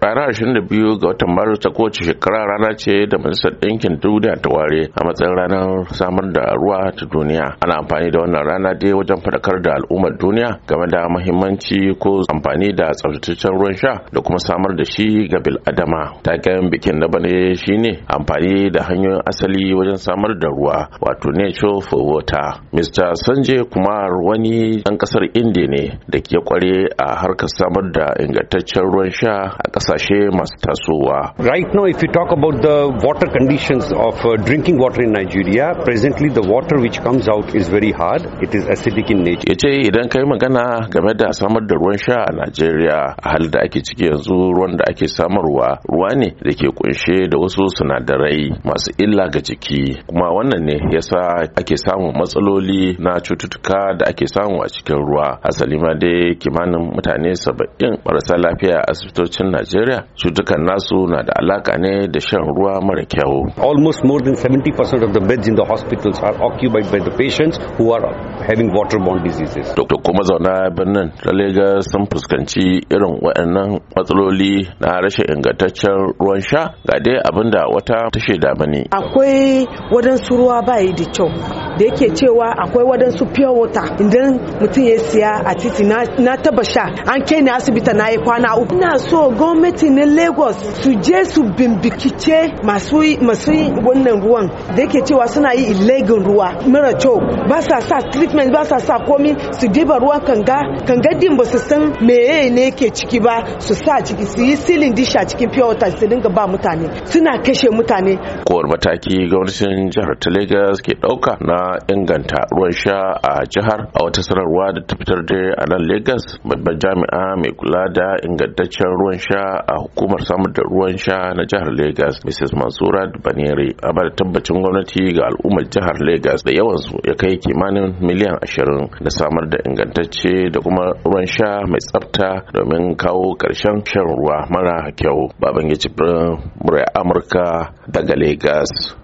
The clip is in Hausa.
ranar 22 ga watan maris ta kowace shekara rana ce da majalisar ɗinkin duniya ta ware a matsayin ranar samar da ruwa ta duniya ana amfani da wannan rana dai wajen faɗakar da al'ummar duniya game da muhimmanci ko amfani da tsaftataccen ruwan sha da kuma samar da shi ga bil'adama taken bikin na bane shine amfani da hanyoyin asali wajen samar da ruwa wato nature for water mr sanjay kumar wani ɗan ƙasar indiya ne da ke kware a harkar samar da ingantaccen ruwan sha a ƙasar kasashe masu tasowa right now if you talk about the water conditions of uh, drinking water in Nigeria presently the water which comes out is very hard it is acidic in nature yace idan kai magana game da samar da ruwan sha a Najeriya a halin da ake ciki yanzu ruwan da ake samarwa ruwa ne da ke kunshe da wasu sinadarai masu illa ga jiki kuma wannan ne yasa ake samun matsaloli na cututtuka da ake samu a cikin ruwa asali ma dai kimanin mutane saba'in marasa lafiya a asibitocin Najeriya Najeriya cutukan nasu na da alaka ne da shan ruwa mara kyau. Almost more than 70% of the beds in the hospitals are occupied by the patients who are having waterborne diseases. Da kuma zauna birnin da Lagos sun fuskanci irin waɗannan matsaloli na rashin ingantaccen ruwan sha ga dai abinda wata ta shaida mani. Akwai wadansu ruwa ba yi da kyau da yake cewa akwai wadansu pure water idan mutum ya siya a titi na taba sha an kai ni asibiti na yi kwana uku. Ina so gome gwamnati na lagos su je su bimbikice masu wannan ruwan da yake cewa suna yi ilegin ruwa mara kyau ba sa sa treatment ba sa sa komi su diba ruwa kanga kanga din ba su san meye ne ke ciki ba su sa ciki su yi silin disha cikin pure water su dinga ba mutane suna kashe mutane kowar mataki gwamnatin jihar ta lagos ke dauka na inganta ruwan sha a jihar a wata sanarwa da ta fitar da a nan lagos babban jami'a mai kula da ingantaccen ruwan sha a hukumar samar da ruwan sha na jihar Legas Mrs. Mansura Banere a bar tabbacin gwamnati ga al'ummar jihar Legas da yawan su ya kai kimanin miliyan ashirin da samar da ingantacce da kuma ruwan sha mai tsafta domin kawo karshen shan ruwa mara kyau. Baban ya murai Amurka daga Legas.